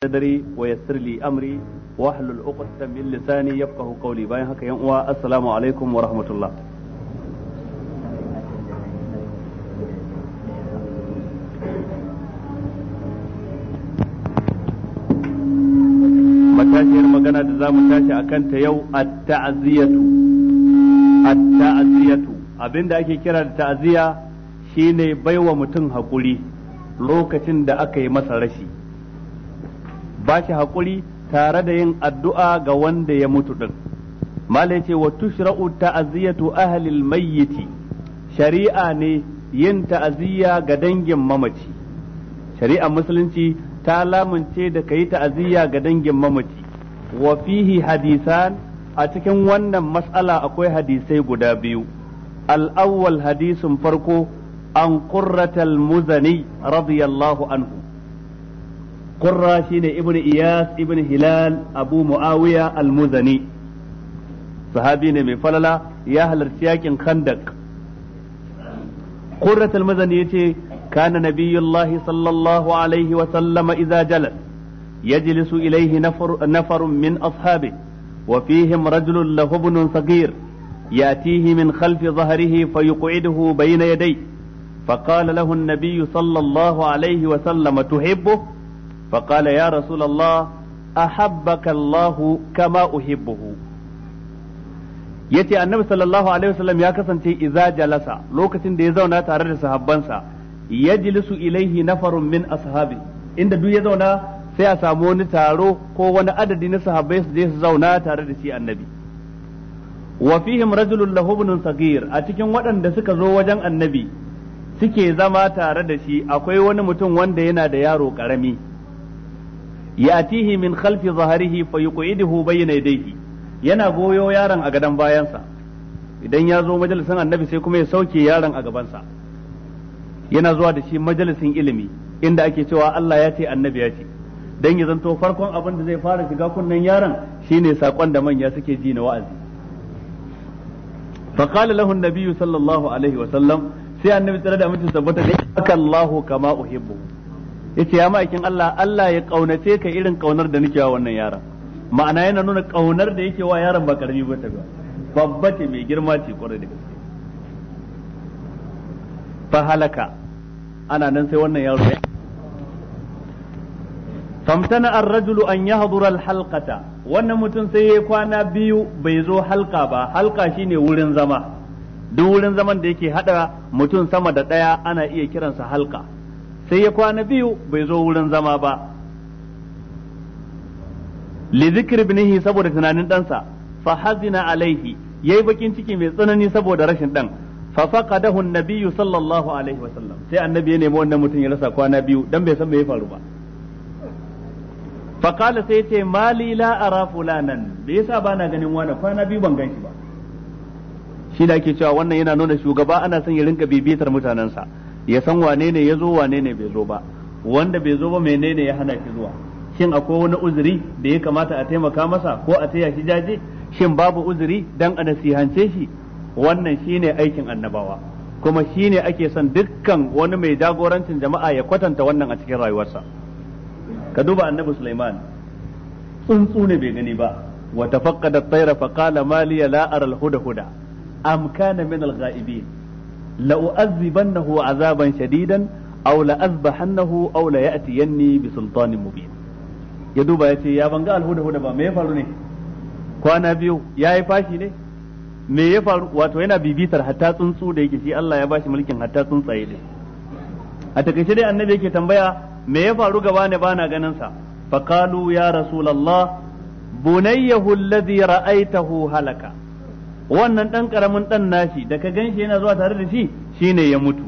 sadari wa yassir li amri wa ahlul uqdatan min lisani yafqahu qawli bayan haka yan uwa assalamu alaikum wa rahmatullah matashiyar magana da zamu tashi akan ta yau at-ta'ziyatu at-ta'ziyatu abinda ake kira da ta'ziya shine baiwa mutum hakuri lokacin da aka yi masa rashi ba shi haƙuri tare da yin addu'a ga wanda ya mutu ɗin. mala ce wa tushra'u ta'aziyatu ahlil mayyiti shari'a ne yin ta'aziyya ga dangin mamaci shari'a musulunci ta lamunce da ka yi ta'aziyya ga dangin mamaci wa fihi hadisan a cikin wannan mas'ala akwai hadisai guda biyu Al'awwal hadisin farko an qurratal muzani radiyallahu anhu qurra shine ibn iyas ibn hilal abu muawiya al-muzani sahabi ne mai falala ya halarci yakin khandak qurrat ya ce yace kana nabiyullahi sallallahu alaihi wa sallama idza jalas yajlisu ilayhi nafar nafarun min ashabi wa fihim rajulun lahu ibnun saghir ياتيه من خلف ظهره فيقعده بين يديه فقال له النبي صلى الله عليه وسلم تحبه فقال يا رسول الله أحبك الله كما أحبه yace annabi sallallahu alaihi wasallam ya kasance idza jalasa lokacin da ya zauna tare da sahabbansa yajlisu ilaihi nafarun min ashabi inda duk ya zauna sai a samu wani taro ko wani adadi na sahabbai su je su zauna tare da shi annabi wa fihim rajulun lahu ibnun sagir a cikin waɗanda suka zo wajen annabi suke zama tare da shi akwai wani mutum wanda yana da yaro karami yatihi min khalfi zahrihi fa yuqiduhu bayna yadayhi yana goyo yaron a gadan bayansa idan ya zo majalisin annabi sai kuma ya sauke yaron a gabansa yana zuwa da shi majalisin ilimi inda ake cewa Allah ya ce annabi ya ce dan ya zanto farkon abin da zai fara shiga kunnen yaron shine sakon da manya suke ji na wa'azi fa qala lahu an-nabiy sallallahu alaihi wa sallam sai annabi tsare da mutunta tabbata da Allahu kama uhibbu yace ya ma'aikin Allah Allah ya kaunace ka irin kaunar da nake wa wannan yaron ma'ana yana nuna kaunar da yake wa yaron ba karami ba ta ba babba ce mai girma ce kwarai da gaske fa halaka ana nan sai wannan yaro ya famtana ar-rajulu an yahdura al-halqata wannan mutum sai ya kwana biyu bai zo halka ba halka shine wurin zama duk wurin zaman da yake hada mutum sama da daya ana iya kiransa halka sai ya kwana biyu bai zo wurin zama ba li zikri ibnihi saboda tunanin ɗansa fa hazina alaihi yayi bakin ciki mai tsanani saboda rashin dan fa faqadahu an-nabiyyu sallallahu alaihi wasallam sai annabi ya nemi wannan mutum ya rasa kwana biyu dan bai san me ya faru ba fa qala sai yace mali la ara fulanan bai yasa bana ganin wani kwana biyu ban ganshi ba shi da ake cewa wannan yana nuna shugaba ana son ya rinka bibitar mutanensa ya san wane ne ya zo wane ne bai zo ba wanda bai zo ba menene ya hana shi zuwa shin akwai wani uzuri da ya kamata a taimaka masa ko a taya shi jaje shin babu uzuri dan a nasihance shi wannan shine aikin annabawa kuma shine ake son dukkan wani mai jagorancin jama'a ya kwatanta wannan a cikin rayuwarsa ka duba annabi Sulaiman tsuntsu ne bai gani ba wa tafaqqada at-tayra fa qala ma la ara al-huda huda am kana min al-ghaibin la'u'azzibannahu azaban shadidan aw la'azbahannahu aw la'atiyanni bi sultanin mubin ya duba ya ce ya banga alhuda huda ba me ya faru ne kwana biyu ya yi fashi ne me ya faru wato yana bibitar hatta tsuntsu da yake shi Allah ya bashi mulkin hatta tsuntsaye ne a takaice dai annabi yake tambaya me ya faru gaba ne bana ganin sa faqalu ya rasulullah bunayyahu alladhi ra'aytahu halaka wannan dan karamin dan nashi da ka ganshi yana zuwa tare da shi shine ya mutu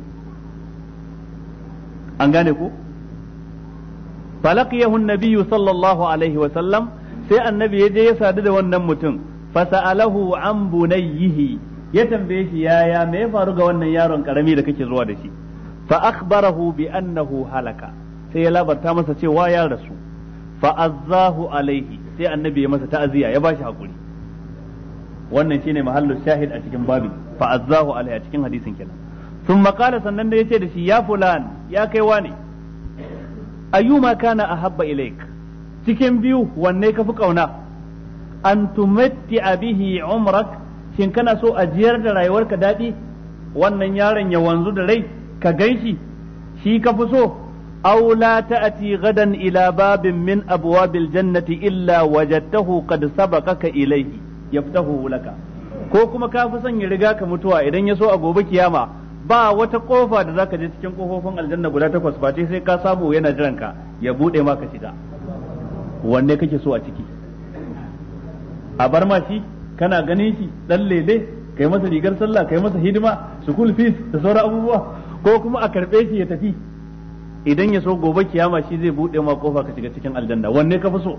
an gane ko falaqiyahu nabiyyu sallallahu alaihi wa sallam sai annabi ya je ya sadu da wannan mutum fasa'alahu an bunayyihi ya tambaye shi yaya me ya faru ga wannan yaron karami da kake zuwa da shi fa akhbarahu bi annahu halaka sai ya labarta masa cewa ya rasu fa azzahu alaihi sai annabi ya masa ta'aziya ya bashi hakuri wannan shine mahallu shahid a cikin babi fa azzahu alai a cikin hadisin kenan sun qala sannan da yace da shi ya fulan ya kai wani ayyuma kana ahabba ilaik cikin biyu wanne ka fi kauna an tumatti bihi umrak shin kana so a jiyar da rayuwarka daɗi wannan yaron ya wanzu da rai ka gaishi? shi ka fi so aw la ta'ti gadan ila babin min abwabil jannati illa wajadtahu qad sabaqaka ilayhi Ya yaftahu laka ko kuma ka fi sanya riga ka mutuwa idan ya so a gobe kiyama ba wata kofa da zaka je cikin kofofin aljanna guda takwas ba sai ka samu yana jiran ka ya bude maka shiga wanne kake so a ciki a bar ma shi kana ganin shi dan lele kai masa rigar sallah kai masa hidima school fees da sauran abubuwa ko kuma a karbe shi ya tafi idan ya so gobe kiyama shi zai bude ma kofa ka shiga cikin aljanna wanne ka fi so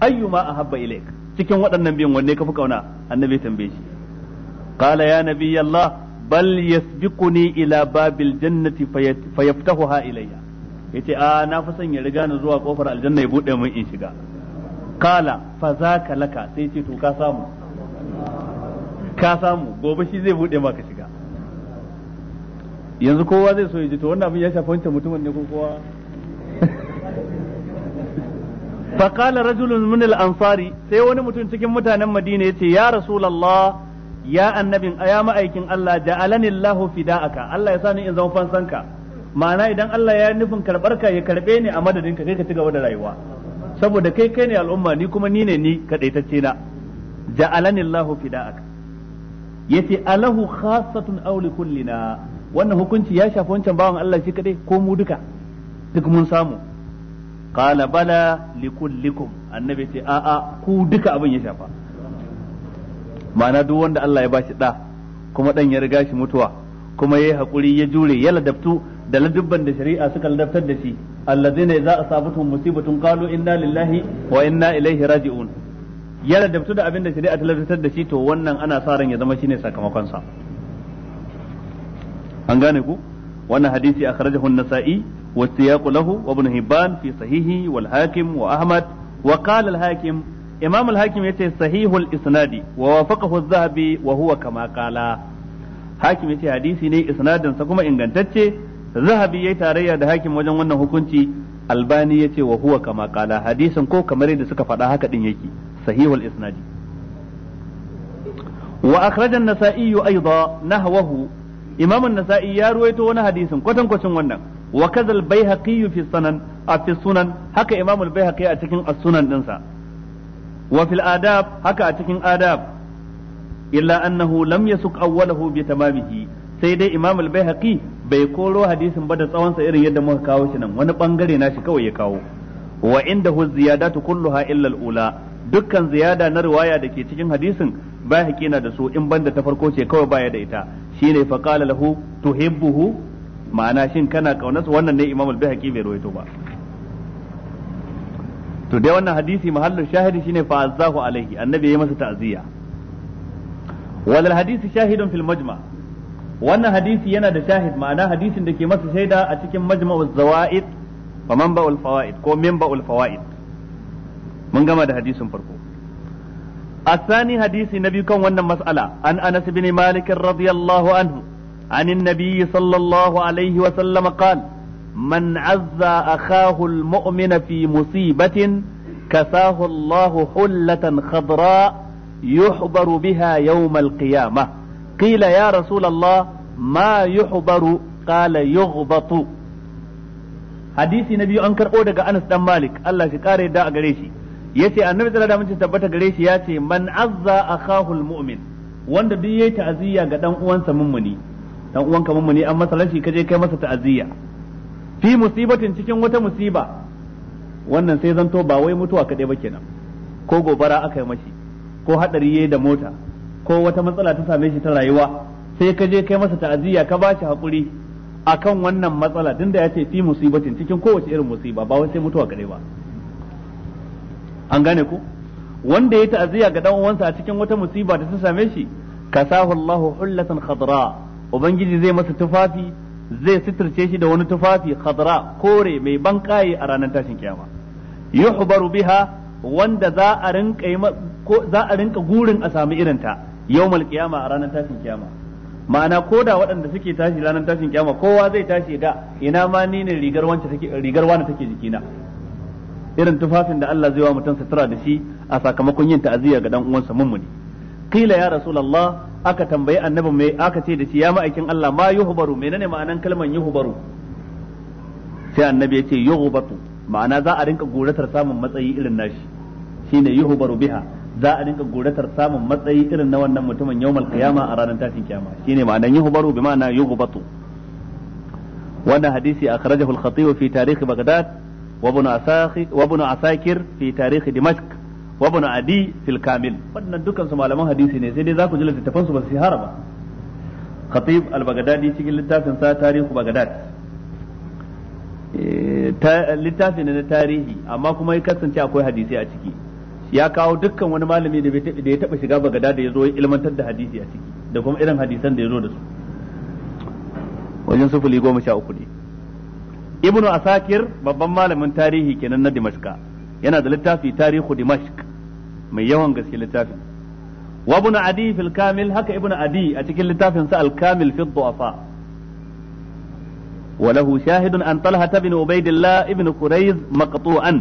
ayyuma ahabba ilayka cikin waɗannan biyan wanne ka fi kauna annabi tambaye shi qala ya nabi Allah bal yasbiquni ila babil jannati fayaftahuha ilayya yace a na fi son ya riga ni zuwa kofar aljanna ya bude min in shiga qala fa zaka laka sai ce to ka samu ka samu gobe shi zai bude maka shiga yanzu kowa zai so ya ji to wannan abin ya shafi wancan mutumin ne ko kowa faqala rajulun min al-ansari sai wani mutum cikin mutanen Madina yace ya rasulullah ya annabin ya ma'aikin Allah ja'alani Allahu fida'aka Allah ya sani in zama fansanka ma'ana idan Allah ya nufin karbar ka ya karbe ni a madadin ka kai ka cigaba da rayuwa saboda kai kai ne al'umma ni kuma ni ne ni kadaitacce na ja'alani Allahu fida'aka yace alahu khassatun aw li kullina wannan hukunci ya shafi wancan bawan Allah shi kadai ko mu duka duk mun samu qala bala likullikum annabi ce a a ku duka abin ya shafa ma'ana duk wanda Allah ya bashi da kuma dan ya riga shi mutuwa kuma yayi hakuri ya jure ya ladabtu da ladabban da shari'a suka ladabtar da shi allazina a asabatuhum musibatun qalu inna lillahi wa inna ilaihi raji'un ya ladabtu da abin da shari'a ta ladabtar da shi to wannan ana sa ran ya zama shine sakamakon sa an gane ku wannan hadisi akhrajahu an-nasa'i wa siyaqu lahu wa ibn hibban fi sahihi wal hakim wa ahmad wa qala al-hakim imam al-hakim yace sahihul isnadi wa wafaqahu az-zahabi wa huwa kama qala hakim yace hadisi ne isnadin sa kuma ingantacce zahabi yayi tarayya da hakim wajen wannan hukunci albani yace wa huwa kama qala hadisin ko kamar yadda suka faɗa haka din yake sahihul isnadi وأخرج النسائي أيضا nahwahu imam an-nasa'i ya ruwaito wani hadisin kwatan kwacin wannan wa kadhal bayhaqi fi sunan fi sunan haka imam al-bayhaqi a cikin as-sunan dinsa wa fil adab haka a cikin adab illa annahu lam yasuk awwalahu bi tamamihi sai dai imam al-bayhaqi bai koro hadisin ba da tsawon sa irin yadda muka kawo shi nan wani bangare nashi kawai ya kawo wa indahu ziyadatu kulluha illa al-ula dukkan ziyada na riwaya da ke cikin hadisin ba na da su in banda ta farko ce kawai baya da ita shine fa qala lahu tuhibbuhu ma'ana shin kana su wannan ne imam al-bihaqi bai rawaito ba to dai wannan hadisi mahallin shahidi shine fa azzahu alaihi annabi yayi masa ta'ziya wal hadisi shahidun fil majma wannan hadisi yana da shahid ma'ana hadisin da ke masa shaida a cikin majma'uz zawaid fa manba'ul fawaid ko minba'ul fawaid mun gama da hadisin farko الثاني حديث النبي كون ونن مسألة عن أنس بن مالك رضي الله عنه عن النبي صلى الله عليه وسلم قال من عزى أخاه المؤمن في مصيبة كساه الله حلة خضراء يحبر بها يوم القيامة قيل يا رسول الله ما يحبر قال يغبط hadisi na biyu an karɓo daga Anas dan Malik Allah shi kare da a gare shi yace annabi sallallahu alaihi wasallam tabbata gare shi yace man azza akahu mu'min wanda duk yayi ta'aziyya ga dan uwansa mummuni dan uwanka mummuni an masa rashi kaje kai masa ta'aziyya fi musibatin cikin wata musiba wannan sai zanto ba wai mutuwa kadai ba kenan ko gobara aka yi mashi ko hadari yayi da mota ko wata matsala ta same shi ta rayuwa sai kaje kai masa ta'aziyya ka bashi hakuri akan wannan matsala tunda yace fi musibatin cikin kowace irin musiba ba wai sai mutuwa kadai ba an gane ku wanda ya ta'aziyya ga dan uwansa a cikin wata musiba da ta same shi kasahu Allahu hullatan khadra ubangiji zai masa tufafi zai sitirce shi da wani tufafi khadra kore mai bankaye a ranar tashin kiyama yuhbaru biha wanda za a rinka za a rinka gurin a samu irin ta yawmal kiyama a ranar tashin kiyama ma'ana koda waɗanda suke tashi ranar tashin kiyama kowa zai tashi da ina ma ni ne rigar wance take rigar wani take jikina irin tufafin da Allah zai wa mutum sutura da shi a sakamakon yin ta'aziyya ga dan uwansa mummuni qila ya rasulullah aka tambayi annabi mai aka ce da shi ya ma'aikin Allah ma yuhbaru menene ma'anan kalman yuhbaru sai annabi ya ce yuhbatu ma'ana za a rinka goratar samun matsayi irin nashi shine yuhbaru biha za a rinka goratar samun matsayi irin na wannan mutumin yawmal qiyama a ranar tashin kiyama shine ma'anan yuhbaru bi ma'ana yuhbatu wannan hadisi akhrajahu al-khatib fi tarikh baghdad وابن عساكر وابن عساكر في تاريخ دمشق وابن عدي في الكامل wannan dukan su malaman hadisi ne sai dai zaku ji littafan su ba su shahara ba khatib al-baghdadi cikin littafin sa tarihu baghdad eh, Littafin ne na tarihi amma kuma ya kasance akwai hadisi a ciki ya kawo dukkan wani malami da ya taba shiga bagada da ya zo ilmantar da hadisi a ciki da kuma irin hadisan da ya zo da su wajen sufuli goma sha uku ne ibnu asakir babban malamin tarihi kenan na dimashka yana da littafi tarihu dimashq mai yawan gaske littafin wa adi fil haka ibnu adi a cikin littafin sa al kamil fi du'afa wa lahu shahidun an talha ibn ubaidillah ibn quraiz maqtu'an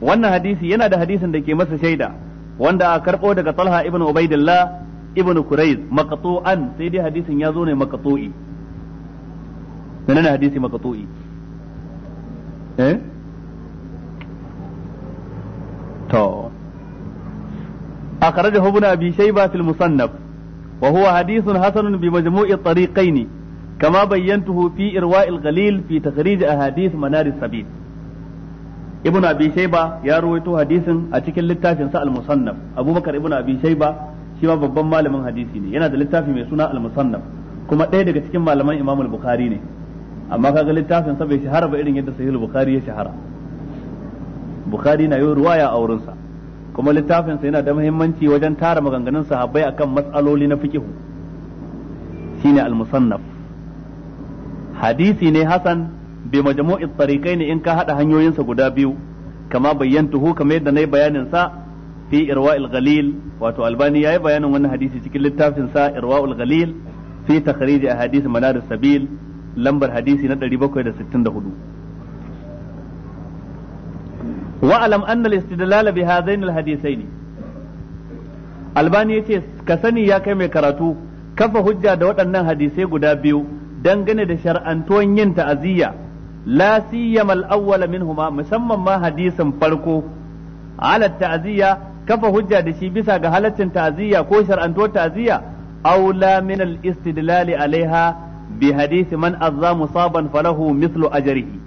wannan hadisi yana da hadisin da ke masa shaida wanda a karɓo daga talha ibn ubaidillah ibn quraiz maqtu'an sai dai hadisin ya zo ne maqtu'i eh to akhrajahu ibn abi shayba fil musannaf wa huwa hadithun hasanun bi majmu'i tariqaini كما بينته في إرواء الغليل في تخريج أحاديث منار السبيل ابن أبي شيبة يروي حديثا أتكل للتافي المصنف أبو بكر ابن أبي شيبة شيما babban malamin hadisi ne yana da littafi mai suna al kuma ɗaya daga cikin malaman imamul bukhari ne amma kaga littafin sa bai shahara ba irin yadda sahih bukhari ya shahara bukhari na yi ruwaya a wurin sa kuma littafin sa yana da muhimmanci wajen tara maganganun sahabbai akan matsaloli na fiqh shine al-musannaf hadisi ne hasan bi majmu'i tariqai ne in ka hada hanyoyin sa guda biyu kama bayyantuhu kamar yadda nayi bayanin sa fi irwa'il ghalil wato albani yayi bayanin wannan hadisi cikin littafin sa irwa'ul ghalil fi takhrij ahadith manar sabil lambar hadisi na 764 wa'alam anna al-istidlal bi hadain al-hadithain albani yace ka sani ya kai mai karatu kafa hujja da waɗannan hadisai guda biyu dangane da shar'antuwan yin ta'aziyya la siyama al-awwal minhuma musamman ma hadisin farko ala ta'aziyya kafa hujja da shi bisa ga halaccin ta'aziyya ko shar'antuwar ta'aziyya aula min al-istidlal alaiha bi hadisi man azza musaban falahu mislu ajrihi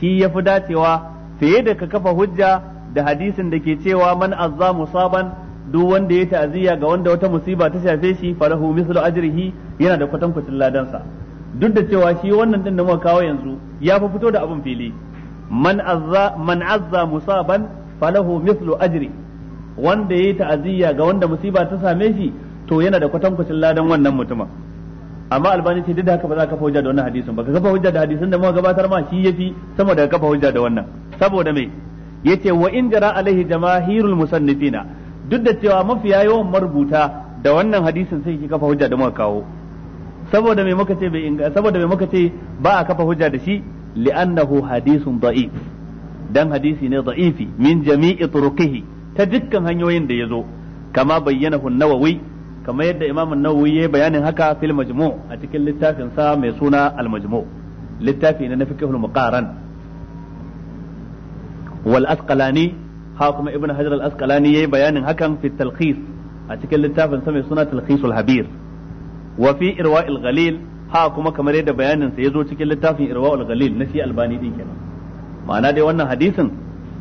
shi ya yafi dacewa fiye da ka kafa hujja da hadisin da ke cewa man azza musaban duk wanda ya ta'aziyya ga wanda wata musiba ta shafe shi falahu mislu ajrihi yana da kwatankwacin ladansa duk da cewa shi wannan din da muka kawo yanzu ya fi fito da abin fili man azza man azza musaban falahu mislu ajri wanda yayi ta'aziyya ga wanda musiba ta same shi to yana da kwatankwacin ladan wannan mutumin amma albani ce duk da haka ba za ka kafa hujja da wannan hadisin ba ka kafa hujja da hadisin da muka gabatar ma shi yafi sama da kafa hujja da wannan saboda me yace wa in jara alaihi jamaahirul musannifina duk da cewa mafiya yawan marubuta da wannan hadisin sai ki kafa hujja da muka kawo saboda me muka ce bai saboda me muka ce ba a kafa hujja da shi li'annahu hadisun da'if dan hadisi ne da'ifi min jami'i turuqihi ta dukkan hanyoyin da yazo kama bayyanahu an-nawawi kamar yadda Imam An-Nawawi ya bayanin haka fil majmu' a cikin littafin sa mai suna al-majmu' littafi ne na fiqhul muqaran wal asqalani ha kuma Ibn Hajar al-Asqalani yayi bayanin hakan fi talkhis a cikin littafin sa mai suna talkhisul habir wa irwa'il ghalil ha kuma kamar yadda bayanin sa yazo cikin littafin irwa'ul ghalil na shi albani din ma'ana dai wannan hadisin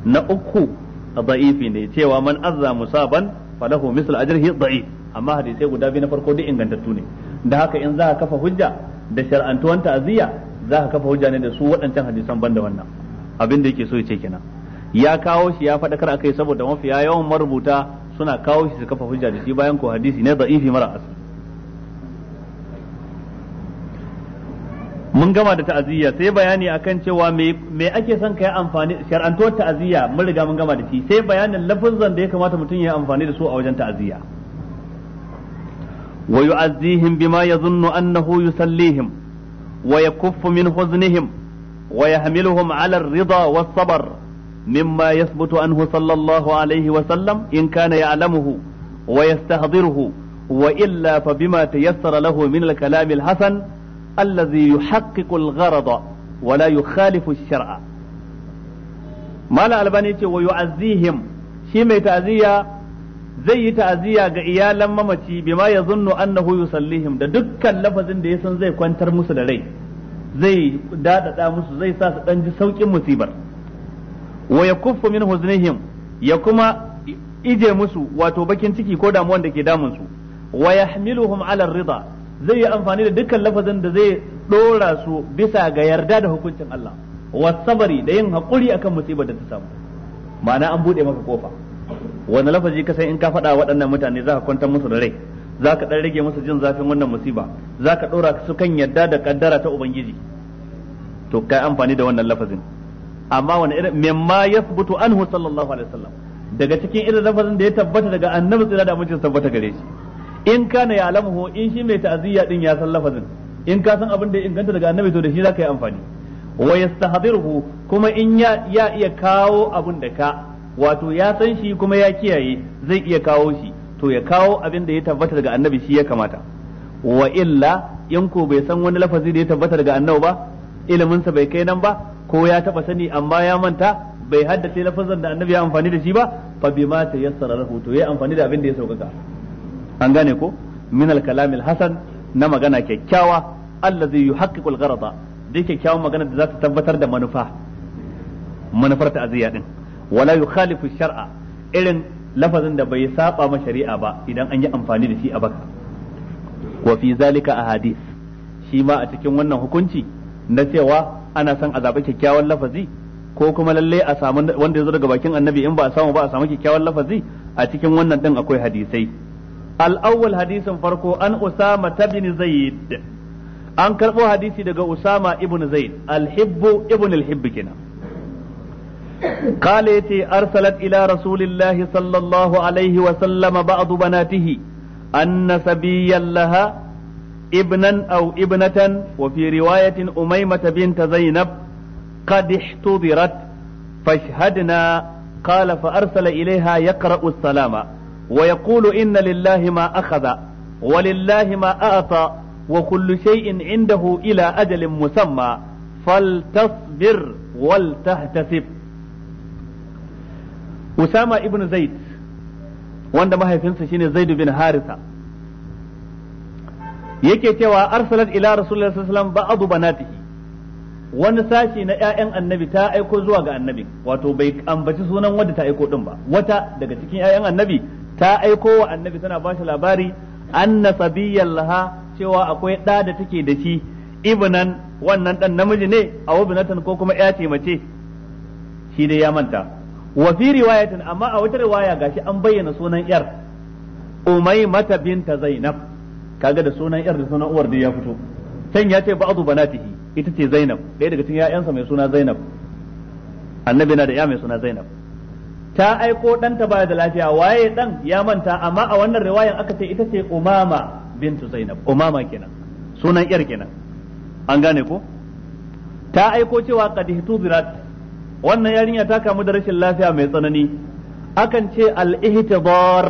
na uku da'ifi ne cewa man azza musaban falahu misl ajrihi da'if amma hadisai guda biyu na farko duk ingantattu ne da haka in za ka kafa hujja da shar'antuwan ta'aziyya za ka kafa hujja ne da su waɗancan hadisan banda wannan abin da yake so ya ce kenan ya kawo shi ya faɗakar akai saboda mafiya yawan marubuta suna kawo shi su kafa hujja da shi bayan ko hadisi ne ifi mara asali mun gama da ta'aziyya sai bayani akan cewa me me ake son kai amfani shar'antuwar ta'aziyya mun riga mun gama da shi sai bayanin lafazan da ya kamata mutum ya amfani da su a wajen ta'aziyya ويعزيهم بما يظن أنه يسليهم ويكف من حزنهم ويحملهم على الرضا والصبر مما يثبت عنه صلى الله عليه وسلم إن كان يعلمه ويستحضره وإلا فبما تيسر له من الكلام الحسن الذي يحقق الغرض ولا يخالف الشرع ما الألباني ويعزيهم شيء zai yi ta'aziyya ga iyalan mamaci bima ya zunnu annahu yusallihim da dukkan lafazin da ya san zai kwantar musu da rai zai dadada musu zai sa su dan ji saukin musibar wa yakuffu min huznihim ya kuma ije musu wato bakin ciki ko damuwan da ke damun su wa yahmiluhum ala rida zai yi amfani da dukkan lafazin da zai dora su bisa ga yarda da hukuncin Allah wa sabari da yin hakuri akan musibar da ta samu ma'ana an bude maka kofa wani lafazi ka san in ka faɗa waɗannan mutane za ka kwantar musu da rai za ka ɗan rage musu jin zafin wannan musiba za ka ɗora su kan yadda da ƙaddara ta ubangiji to kai amfani da wannan lafazin amma wani irin mimma yasbutu anhu sallallahu alaihi wasallam daga cikin irin lafazin da ya tabbata daga annabi tsira da amincin tabbata gare shi in na ya alamuhu in shi mai ta'aziyya din ya san lafazin in ka san abin da ya inganta daga annabi to da shi za ka yi amfani wa yastahdiruhu kuma in ya iya kawo abin da ka wato ya san shi kuma ya kiyaye zai iya kawo shi to ya kawo abin da ya tabbata daga annabi shi ya kamata wa illa in ko bai san wani lafazi da ya tabbata daga annabi ba iliminsa bai kai nan ba ko ya taba sani amma ya manta bai haddace lafazan da annabi ya amfani da shi ba fa bima yassara lahu to ya amfani da abin da ya saukaka an gane ko min al kalamil hasan na magana kyakkyawa allazi yuhaqqiqu al gharada dai kyakkyawan magana da za ta tabbatar da manufa manufar ta din wala yukhalifu shar'a irin lafazin da bai saba ma shari'a ba idan an yi amfani da shi a baka wa fi zalika ahadith shi ma a cikin wannan hukunci na cewa ana son a zaɓi kyakkyawan lafazi ko kuma lalle a samu wanda ya zo daga bakin annabi in ba a samu ba a samu kyakkyawan lafazi a cikin wannan din akwai hadisai al-awwal hadisin farko an usama tabin zaid an karbo hadisi daga usama ibn zaid al-hibbu ibn al-hibb kenan قال يتي أرسلت إلى رسول الله صلى الله عليه وسلم بعض بناته أن سبيا لها ابنا أو ابنة وفي رواية أميمة بنت زينب قد احتضرت فاشهدنا قال فأرسل إليها يقرأ السلام ويقول إن لله ما أخذ ولله ما أعطى وكل شيء عنده إلى أجل مسمى فلتصبر ولتحتسب usama ibn zaid wanda mahaifinsa shine zaid bin haritha yake cewa arsalat ila rasulullahi sallallahu alaihi wasallam ba'd banatihi wani sashi na ƴaƴan annabi ta aiko zuwa ga annabi wato bai ambaci sunan wanda ta aiko din ba wata daga cikin ƴaƴan annabi ta aiko wa annabi tana ba shi labari anna sabiyyan laha cewa akwai ɗa da take da shi ibnan wannan dan namiji ne a wabinatan ko kuma ƴa ce mace shi dai ya manta wa fi riwayatin amma a wata riwaya gashi an bayyana sunan yar umaymata binta zainab kaga da sunan yar da sunan uwar da ya fito can ya ce ba'du banatihi ita ce zainab ɗaya daga cikin ƴaƴansa mai suna zainab annabi na da ya mai suna zainab ta aiko ɗanta baya da lafiya waye ɗan ya manta amma a wannan riwayan aka ce ita ce umama bintu zainab umama kenan sunan yar kenan an gane ko ta aiko cewa qad hitubirat wannan yarinya ta kamu da rashin lafiya mai tsanani akan ce al ihtibar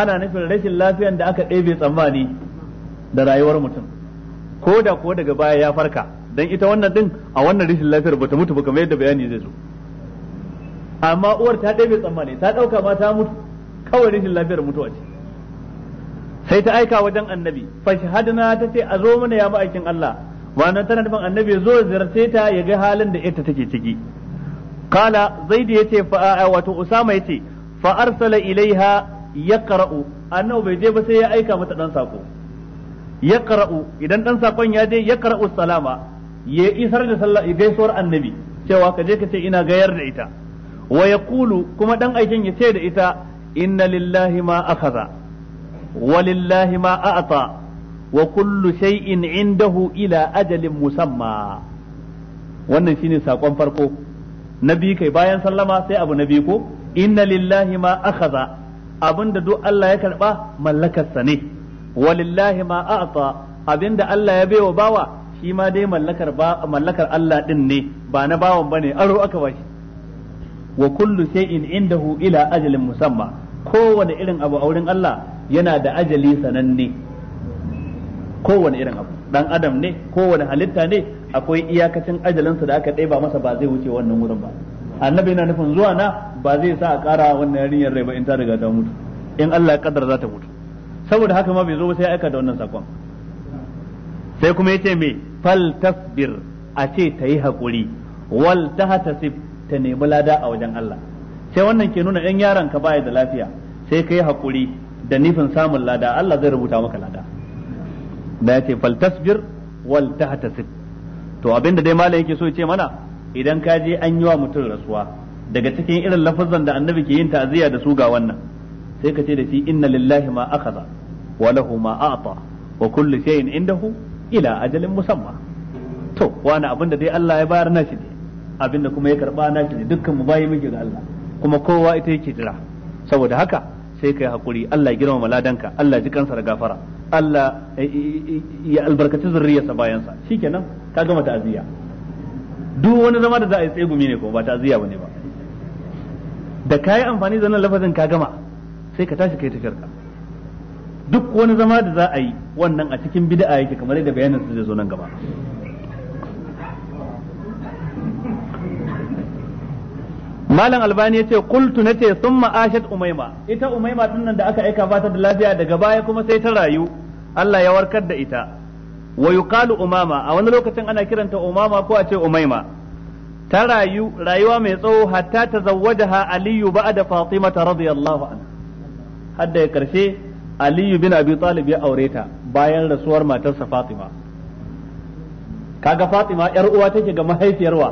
ana nufin rashin lafiyan da aka ɗebe tsammani da rayuwar mutum ko da ko daga baya ya farka dan ita wannan din a wannan rashin lafiyar bata mutu ba kamar yadda bayani zai zo amma uwar ta ɗebe tsammani ta ɗauka ma ta mutu kawai rashin lafiyar mutuwa ce sai ta aika wajen annabi fashhadna ta ce a zo mana ya ma'aikin Allah wannan tana nufin annabi zo ziyarce ta ya ga halin da ita take ciki qala zaid yace fa wato usama yace fa arsala ilaiha yaqra'u annabi bai je ba sai ya aika mata dan sako yaqra'u idan ɗan sakon ya je ya yaqra'u salama ya isar da sallah gaisuwar annabi cewa ka je ka ce ina gayar da ita waya Kulu kuma ɗan aikin ya ce da ita inna lillahi ma akhadha wa lillahi ma a'ta wa kullu shay'in indahu ila ajalin musamma wannan shine sakon farko na biyu kai bayan sallama sai abu na biyu ko inna lillahi ma akhadha abinda duk Allah ya karba mallakarsa ne walillahi ma a'ta abinda Allah ya baiwa bawa shi ma dai mallakar ba mallakar Allah din ne ba na bawan bane aro aka bashi wa kullu shay'in indahu ila ajalin musamma kowane irin abu a wurin Allah yana da ajali sananne kowane irin abu dan adam ne kowane halitta ne akwai iyakacin ajalinsa da aka ɗeba masa ba zai wuce wannan wurin ba annabi yana nufin zuwa na ba zai sa a ƙara wannan yarinyar rai ba in ta riga ta mutu in Allah ya za ta mutu saboda haka ma bai zo ba sai aika da wannan sakon sai kuma yace me fal tasbir a ce ta yi hakuri wal tahtasib ta nemi lada a wajen Allah sai wannan ke nuna ɗan yaron ka baya da lafiya sai ka yi hakuri da nufin samun lada Allah zai rubuta maka lada da yace fal tasbir wal tahtasib to abinda dai malam yake so ya ce mana idan ka je an yi wa mutum rasuwa daga cikin irin lafazan da annabi ke yin ta'aziyya da su ga wannan sai ka ce da shi inna lillahi ma akhadha wa lahu ma a'ta wa kullu shay'in indahu ila ajalin musamma to wani abinda dai Allah ya bayar nashi ne abinda kuma ya karba nashi ne dukkan mu bayi muke ga Allah kuma kowa ita yake jira saboda haka sai kai hakuri Allah ya girmama ladanka Allah ji kansa da gafara Allah eh, eh, eh, ya albarkaci zurriyarsa bayan sa shikenan ka gama ta'aziyya duk wani zama da za a yi tsegumi ne ko ba ta'aziyya bane ba da kai amfani da wannan lafazin ka gama sai ka tashi kai tafiyarka duk wani zama da za a yi wannan a cikin bid'a yake kamar yadda bayanin su zai zo nan gaba malam albani yace qultu ce sun ashat umaima ita umaima nan da aka aika ba ta da lafiya daga baya kuma sai ta rayu Allah ya warkar da ita wa yuqalu umama a wani lokacin ana kiranta umama ko a ce umaima ta rayu rayuwa mai tsawo hatta ha aliyu ba'da fatimata radiyallahu anha hadda ya karshe aliyu bin abi talib ya aure ta bayan rasuwar matarsa fatima kaga fatima yar uwa take ga mahaifiyarwa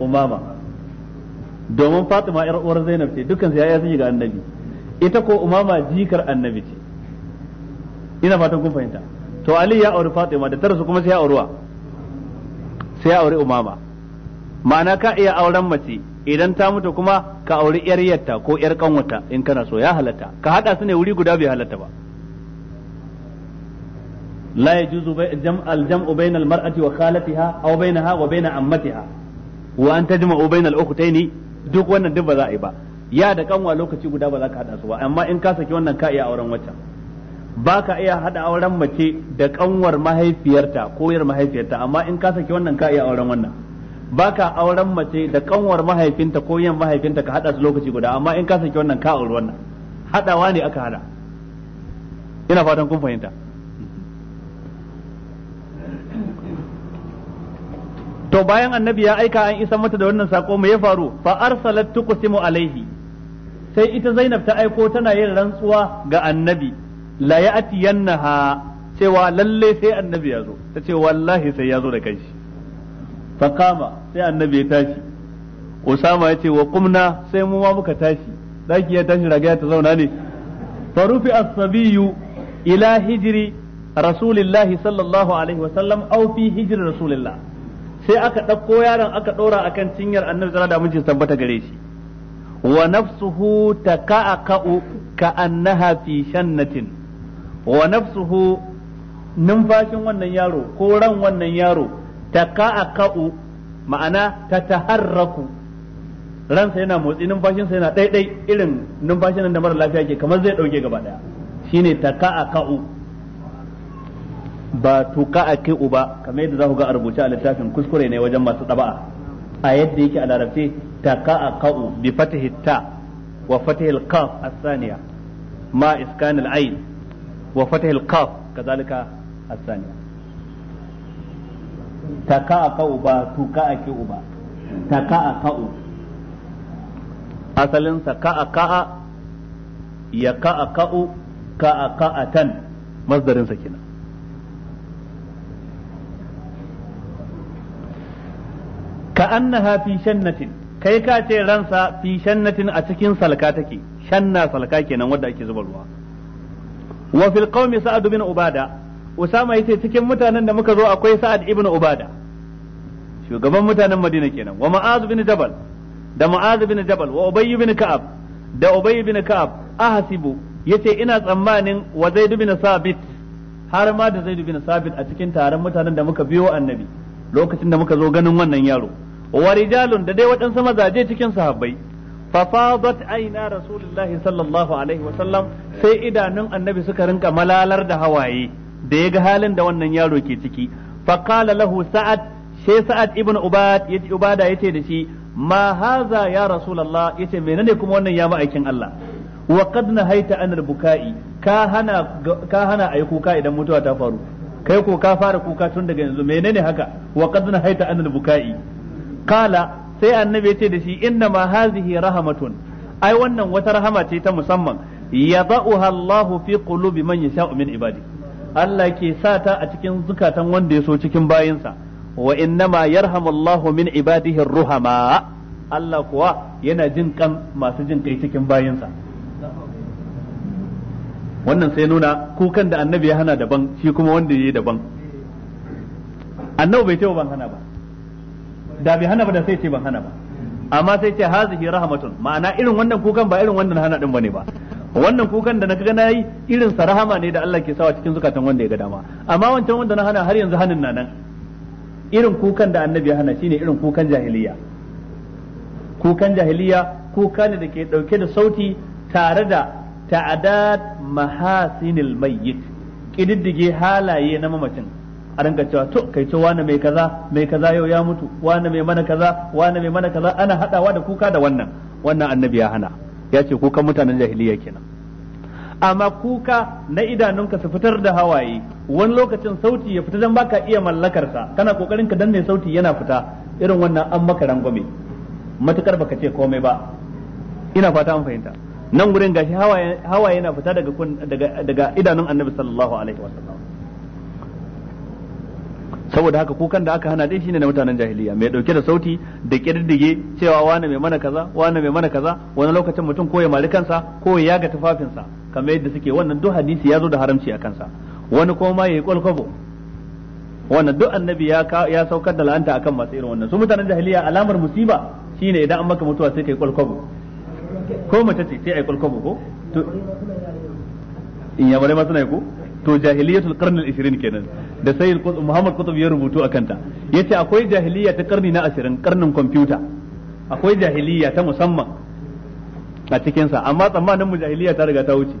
umama domin Fatima yar uwar Zainab ce dukkan su yaya sun yi ga annabi ita ko Umama jikar annabi ce ina fatan kun fahimta to Ali ya auri Fatima da tarasu kuma sai ya wa sai ya auri Umama ma'ana ka iya auren mace idan ta mutu kuma ka auri yar yatta ko yar kanwata in kana so ya halatta ka hada su ne wuri guda bai halatta ba jam'u bainal mar'ati wa khalatiha aw bainaha wa بينها ammatiha wa an tajma'u bainal ukhtaini duk wannan duk ba za a yi ba ya da kanwa lokaci guda ba za ka hada su ba amma in ka saki wannan ka iya auren waccan ba ka iya hada auren mace da kanwar mahaifiyarta ko yar mahaifiyarta amma in ka saki wannan ka iya auren wannan ba ka auren mace da kanwar mahaifinta ko yan mahaifinta ka hada su lokaci guda amma in ka saki wannan ka auri wannan hadawa ne aka hada ina fatan kun fahimta to bayan annabi ya aika an isa mata da wannan sako me ya faru fa arsalat tuqsimu alaihi sai ita Zainab ta aiko tana yin rantsuwa ga annabi la ya'tiyannaha cewa lalle sai annabi ya zo ta ce wallahi sai ya zo da kanshi fa kama sai annabi ya tashi Usama ya ce wa qumna sai mu ma muka tashi daki ya tashi ragaya ta zauna ne fa rufi as-sabiyu ila hijri rasulillahi sallallahu alaihi wa sallam au fi hijri rasulillah sai aka ɗauko yaron aka ɗora akan cinyar annabi tsara da mijin tabbata gare shi wa nafsuhu ka annaha fi shannatin wa nafsuhu numfashin wannan yaro ko ran wannan yaro ka'u ma'ana ta tataharraku ransa yana motsi numfashinsa yana ɗaiɗai irin numfashin da mara lafiya ke kamar zai ɗauke gaba ɗaya shine ka'u. ba tuka a ki'u uba kamar yadda za ku ga a rubuce a littafin kuskure ne wajen masu ɗaba'a a yadda yake a larabce taka a ka'u bi fatihi ta wa fatihi al-qaf as-saniya ma iskan al-ain wa fatihi al-qaf kazalika as-saniya taka a ka'u ba tuka a ki'u uba taka a ka'u asalin sa ka'a ka'a ya ka'a ka'u ka'a ka'atan masdarin sa kenan ka annaha fi shannatin kai ka ce ransa fi shannatin a cikin salka take shanna salka kenan wanda ake zuba ruwa wa fil qaumi sa'ad bin ubada usama yace cikin mutanen da muka zo akwai sa'ad ibn ubada shugaban mutanen madina kenan wa ma'az bin jabal da ma'az bin jabal wa ubay bin ka'ab da ubay bin ka'ab ahasibu yace ina tsammanin wa zaid bin sabit har ma da zaid bin sabit a cikin taron mutanen da muka biyo annabi lokacin da muka zo ganin wannan yaro wa rijalun da dai waɗansu mazaje cikin sahabbai fa fadat aina rasulullahi sallallahu alaihi wasallam sai idanun annabi suka rinka malalar da hawaye da ya ga halin da wannan yaro ke ciki fa qala lahu sa'ad she sa'ad ibn ubad yace ubada yace da shi ma haza ya rasulullah yace menene kuma wannan ya ma'aikin Allah wa qad nahaita anil buka'i ka hana ka hana ayi kuka idan mutuwa ta faru kai ko ka fara kuka tun daga yanzu menene haka wa qad nahaita anil bukai qala sai annabi ya ce da shi inna ma hazihi rahmatun ai wannan wata rahama ce ta musamman yadauha Allah fi qulubi man yasha'u min ibadi Allah ke sa ta a cikin zukatan wanda ya so cikin bayinsa wa inna ma yarhamu Allah min ibadihi ruhama Allah kuwa yana jin kan masu jin kai cikin bayinsa wannan sai nuna kukan da annabi ya hana daban shi kuma wanda yi daban annabi bai ce ban hana ba da bai hana ba da sai ce ban hana ba amma sai ce hazihi rahmatun ma'ana irin wannan kukan ba irin wannan hana din bane ba wannan kukan da na na yi irin sa rahama ne da Allah ke sawa cikin zukatan wanda ya ga dama amma wancan wanda na hana har yanzu hanin na nan irin kukan da annabi ya hana shine irin kukan jahiliya kukan jahiliya kuka ne da ke dauke da sauti tare da ta'adat mahasinil mayyit kididdige halaye na mamacin a rinka cewa to kai ce wani mai kaza mai kaza yau ya mutu wani mai mana kaza wani mai mana kaza ana hadawa da kuka da wannan wannan annabi ya hana ya ce kukan mutanen jahiliya kenan amma kuka na idanunka su fitar da hawaye wani lokacin sauti ya fita dan baka iya mallakarsa kana kokarin ka danne sauti yana fita irin wannan an maka rangwame matukar baka ce komai ba ina fata an fahimta nan gurin gashi hawaye yana fita daga daga idanun annabi sallallahu alaihi wasallam saboda haka kukan da aka hana dai shine na mutanen jahiliya mai dauke da sauti da kirdige cewa wani mai mana kaza wani mai mana kaza wani lokacin mutum ko ya mari kansa ko ya yaga tufafinsa kamar yadda suke wannan duk hadisi ya zo da haramci a kansa wani kuma ma yayi kwalkwabo wannan duk annabi ya ya saukar da la'anta akan masu irin wannan su mutanen jahiliya alamar musiba shine idan an maka mutuwa sai kai kwalkwabo ko mace ce sai ai kulkubu ko to in ya bare masana suna ko to jahiliyatul qarn al 20 kenan da sayyid Muhammad Qutb ya rubutu akan ta yace akwai jahiliya ta karni na 20 karnin computer akwai jahiliya ta musamman a cikin sa amma tsammanin mu jahiliya ta riga ta wuce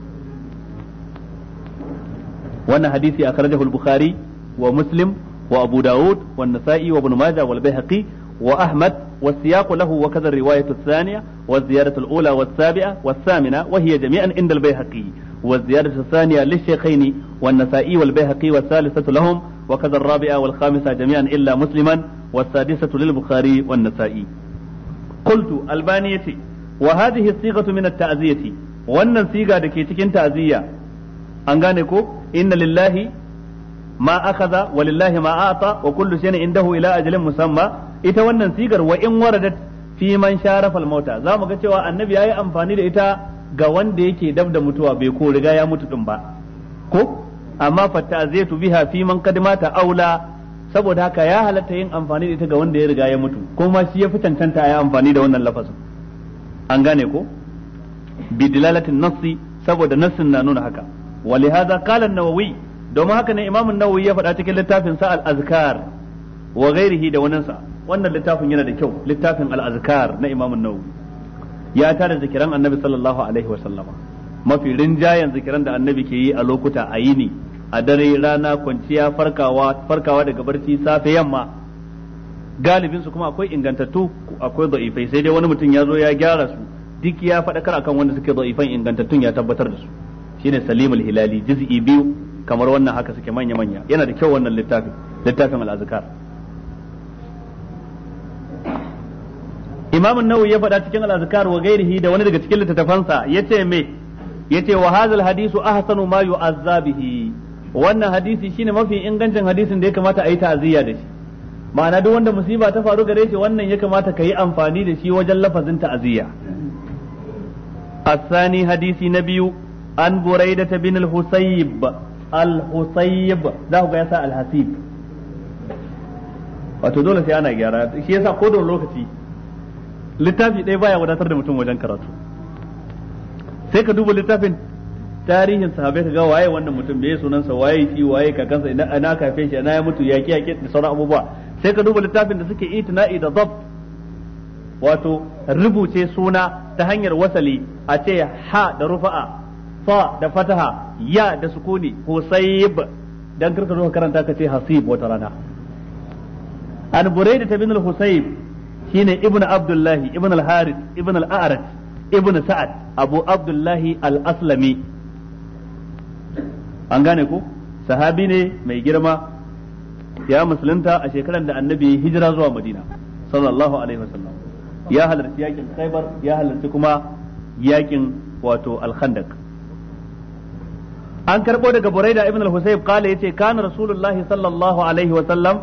wannan hadisi akhrajahu al-Bukhari wa Muslim wa Abu da'ud wa Nasa'i wa Ibn Majah wal bayhaqi wa Ahmad والسياق له وكذا الرواية الثانية والزيادة الأولى والسابعة والثامنة وهي جميعا عند البيهقي والزيادة الثانية للشيخين والنسائي والبيهقي والثالثة لهم وكذا الرابعة والخامسة جميعا إلا مسلما والسادسة للبخاري والنسائي قلت البانيتي وهذه الصيغة من التعزية wannan siga da ke cikin ta'aziyya an gane ko inna lillahi ma akhadha wa lillahi ma ata wa kullu shay'in indahu ila ajalin musamma ita wannan sigar wa in waradat fi man sharafa al-mauta za ga cewa annabi yayi amfani da ita ga wanda yake dab da mutuwa bai ko riga ya mutu din ba ko amma fatazaitu biha fi man kadimata aula saboda haka ya halatta yin amfani da ita ga wanda ya riga ya mutu kuma shi ya fi tantanta a amfani da wannan lafazin an gane ko bi bidilalatin nassi saboda nassin na nuna haka qala an-nawawi domin haka ne an nawawi ya faɗa cikin littafin sa al-azkar wa ghairihi da wannan sa. wannan littafin yana da kyau littafin al na Imam nau nawawi ya tara zikiran Annabi sallallahu alaihi wa mafi rinjayen zikiran da Annabi ke yi a lokuta a yini a dare rana kwanciya farkawa farkawa daga barci safe yamma galibin su kuma akwai ingantattu akwai da'ifai sai dai wani mutum ya zo ya gyara su duk ya faɗakar akan wanda suke da'ifan ingantattun ya tabbatar da su shine Salimul Hilali juz'i biyu kamar wannan haka suke manya manya yana da kyau wannan littafin littafin al-azkar imam an ya faɗa cikin al-azkar wa ghairihi da wani daga cikin littattafansa yace me yace wa hadhal hadisu ahsanu ma yu'azza bihi wannan hadisi shine mafi ingancin hadisin da ya kamata a yi ta'aziyya da shi ma'ana duk wanda musiba ta faru gare shi wannan ya kamata ka yi amfani da shi wajen lafazin ta'aziyya الثاني hadisi na biyu. an buraida ta bin al-husayb al-husayb za ku ga yasa al-hasib wato dole sai ana gyara shi yasa ko da lokaci littafi ɗaya baya wadatar da mutum wajen karatu sai ka duba littafin tarihin sahabai ka ga waye wannan mutum me sunansa waye shi waye kakansa ina ana kafe shi ina ya mutu yaki yaki da sauran abubuwa sai ka duba littafin da suke itina'i da dab wato rubuce suna ta hanyar wasali a ce ha da rufa'a fa da fataha ya da sukuni husayb dan karka zo karanta ka ce hasib wata rana an buraida ta bin al-husayb shine ibn abdullahi ibn harith ibn al ibn sa'ad abu abdullahi al-aslami an gane ko sahabi ne mai girma ya musulunta a shekarar da annabi hijira zuwa madina sallallahu alaihi wasallam ya halarci yakin khaibar ya halarci kuma wato an karbo daga buraida ibn al-husayb kala yace kana rasulullahi sallallahu alaihi wasallam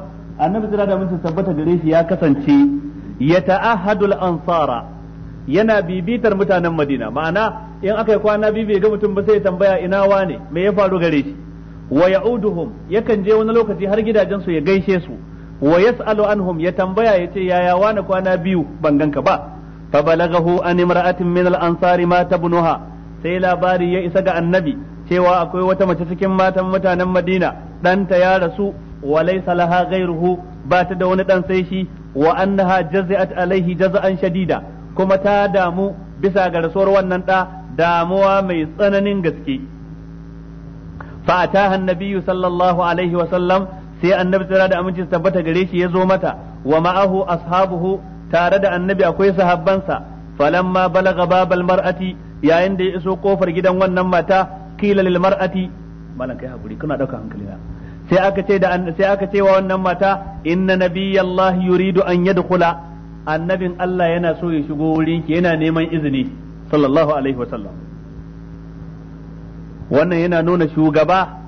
annabi jira da mun tabbata gare shi ya kasance yata'ahadul ansara yana bibitar mutanen Madina ma'ana in aka yi kwana biyu ya ga mutum ba sai tambaya ina wane me ya faru gare shi wa ya'uduhum yakan je wani lokaci har gidajen su ya gaishe su wa yas'alu anhum ya tambaya yace yaya wane kwana biyu ban ganka ba fa balagahu an imra'atin min al-ansari ma tabnuha sai labari ya isa ga annabi cewa akwai wata mace cikin matan mutanen Madina danta ya rasu wa laysa laha ghayruhu ba ta da wani dan sai shi wa annaha jazi'at alaihi jaza'an shadida kuma ta damu bisa ga rasuwar wannan ɗa damuwa mai tsananin gaske fa ataha annabiyyu sallallahu alaihi wa sallam sai annabi tsira da aminci tabbata gare shi ya zo mata wa ma'ahu ashabuhu tare da annabi akwai sahabbansa falamma balaga babal mar'ati yayin da ya iso kofar gidan wannan mata kila lil mar'ati malan sai aka ce da sai aka ce wa wannan mata inna nabiyallahi yuridu an yadkhula annabin Allah yana so ya shigo wurin ki yana neman izini sallallahu alaihi wa sallam wannan yana nuna shugaba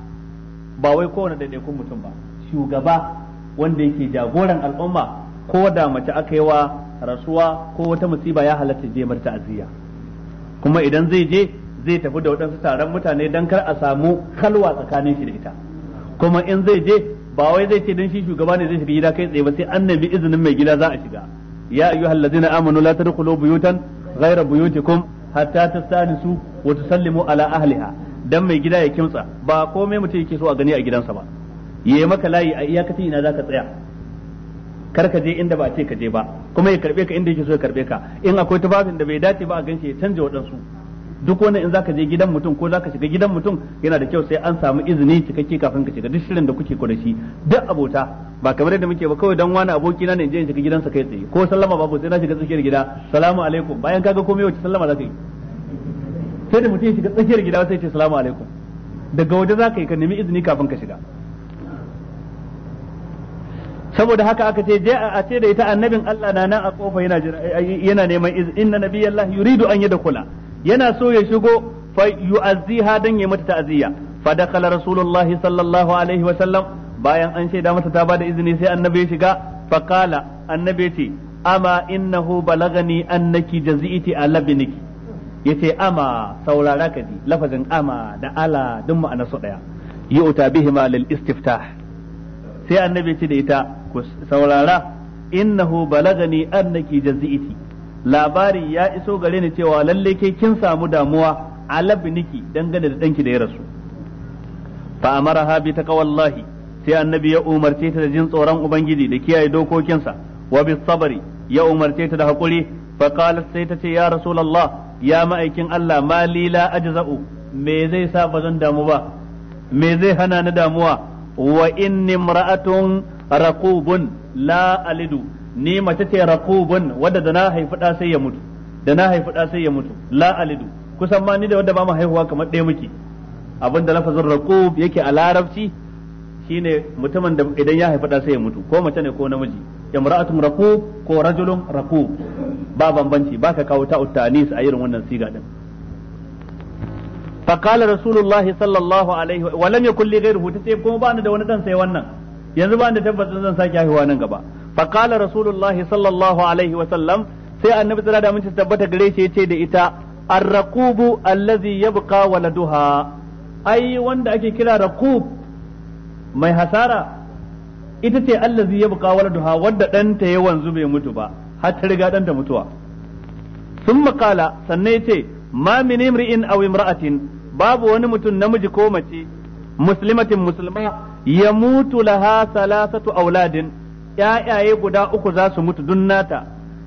ba wai kowane daidaikun mutum ba shugaba wanda yake jagoran al'umma ko da mace aka yi wa rasuwa ko wata musiba ya halatta je marta ta'aziyya kuma idan zai je zai tafi da waɗansu taron mutane don kar a samu kalwa tsakanin shi da ita kuma in zai je ba wai zai ce dan shi shugaba ne zai shiga gida kai tsaye ba sai an nemi izinin mai gida za a shiga ya ayu ladzina amanu la tadkhulu buyutan ghayra buyutikum hatta tastanisu wa tusallimu ala ahliha dan mai gida ya kimtsa ba komai mutum yake so a gani a gidansa ba yayi maka layi a iyakacin ina zaka tsaya kar ka je inda ba ce ka je ba kuma ya karbe ka inda yake so ya karbe ka in akwai tufafin da bai dace ba a ganshi ya canja waɗansu duk wani in zaka je gidan mutum ko zaka shiga gidan mutum yana da kyau sai an samu izini cikakke kafin ka shiga duk shirin da kuke ku duk abota ba kamar yadda muke ba kawai dan wani aboki na ne je in shiga gidansa kai tsaye ko sallama babu sai na shiga tsakiyar gida salamu alaikum bayan kaga komai wace sallama zaka yi sai da mutum ya shiga tsakiyar gida sai ya ce salamu alaikum daga waje zaka yi ka nemi izini kafin ka shiga saboda haka aka ce je a ce da ita annabin Allah na nan a kofa yana yana neman izini inna nabiyallahi yuridu an yadkhula yana so ya shigo fa yu'azziha dan ya mata ta'ziya fa dakhala rasulullah sallallahu alaihi wa sallam bayan an shaida mata ta bada izini sai annabi ya shiga fa qala annabi ce amma innahu balagani annaki jazi'ti ala biniki yace ama saurara ka ji lafazin ama da ala duk ma'ana su daya yu'ta bihima lil istiftah sai annabi ce da ita ku saurara innahu balagani annaki jazi'ti labari ya iso gare ni cewa lalle kai kin samu damuwa alabniki dangane da danki da ya rasu fa ta bi taqwallahi sai annabi ya umarce ta da jin tsoron ubangiji da kiyaye dokokinsa wa bi sabari ya umarce ta da hakuri fa qalat sai ta ce ya rasulullah ya ma'aikin Allah ma lila ajza'u me zai sa zan damu ba me zai hana ni damuwa wa inni imra'atun raqubun la alidu ni mace ce raqubun wadda da na haifi da sai ya mutu da na haifi da sai ya mutu la alidu kusan ma ni da wadda ba mu haihuwa kamar ɗaya muke abinda lafazin raqub yake a larabci shine mutumin da idan ya haifi da sai ya mutu ko mace ne ko namiji imra'atun raqub ko rajulun raqub ba bambanci ba ka kawo ta utanis a irin wannan siga din فقال رسول الله صلى الله عليه ولم يكن لغيره تتيب كما بان da wani dan sai wannan yanzu ba da tabbacin zan sake haihuwa nan gaba faqala rasulullahi sallallahu alaihi wa sallam sai annabi tsira da mun tabbata gare shi ce da ita arraqubu allazi yabqa waladuha ai wanda ake kira raqub mai hasara ita ce allazi yabqa waladuha wanda danta ya wanzu bai mutu ba har riga danta mutuwa sun makala sannan yace ma min imri'in aw imra'atin babu wani mutum namiji ko mace muslimatin musulma ya mutu salasatu auladin yayaye guda uku za su mutu dun nata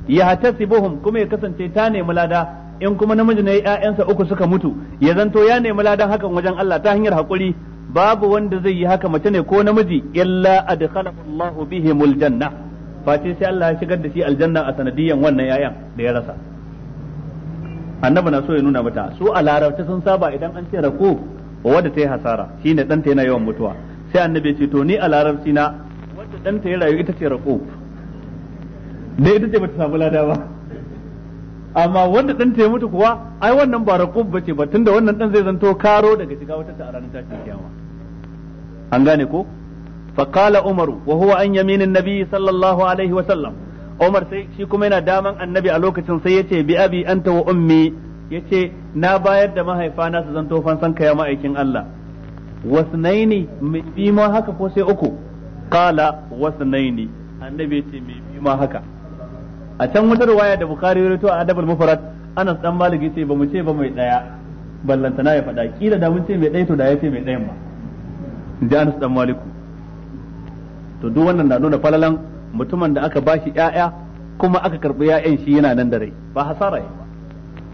ya hatasibuhum kuma ya kasance ta nemi lada in kuma namiji ne yayansa uku suka mutu ya zanto ya nemi ladan hakan wajen Allah ta hanyar hakuri babu wanda zai yi haka mace ne ko namiji illa adkhalahu Allahu bihimul janna face sai Allah ya shigar da shi aljanna a sanadiyan wannan yayan da ya rasa annabi na so ya nuna mata su a larabci sun saba idan an ce rako wadda ta yi hasara shine ɗanta yana yawan mutuwa sai annabi ya ce to ni a larabci na wacce ta ya rayu ita ce rako da ita ce bata samu lada ba amma wanda ta ya mutu kuwa ai wannan ba ba bace ba tunda wannan dan zai zanto karo daga shiga wata ta a ranar tashin kiyama an gane ko Umaru عمر an عن يمين nabi Sallallahu alaihi wa sallam, Umar sai shi kuma yana daman annabi a lokacin sai yace bi abi anta wa ummi yace na bayar da mahaifana su zanto fansan kaya ma'aikin Allah wasnaini bi ma haka ko sai uku qala wasnaini annabi ce me bi ma haka a can wata riwaya da bukhari ya rawaito a adabul mufrad anas dan malik ce ba mu ce ba mai daya na ya faɗa kila da mun ce mai daya to da ya ce mai dayan ma inji anas dan maliku to duk wannan na nuna falalan mutumin da aka bashi ƴaƴa kuma aka karbi ƴaƴan shi yana nan da rai ba hasara ya ba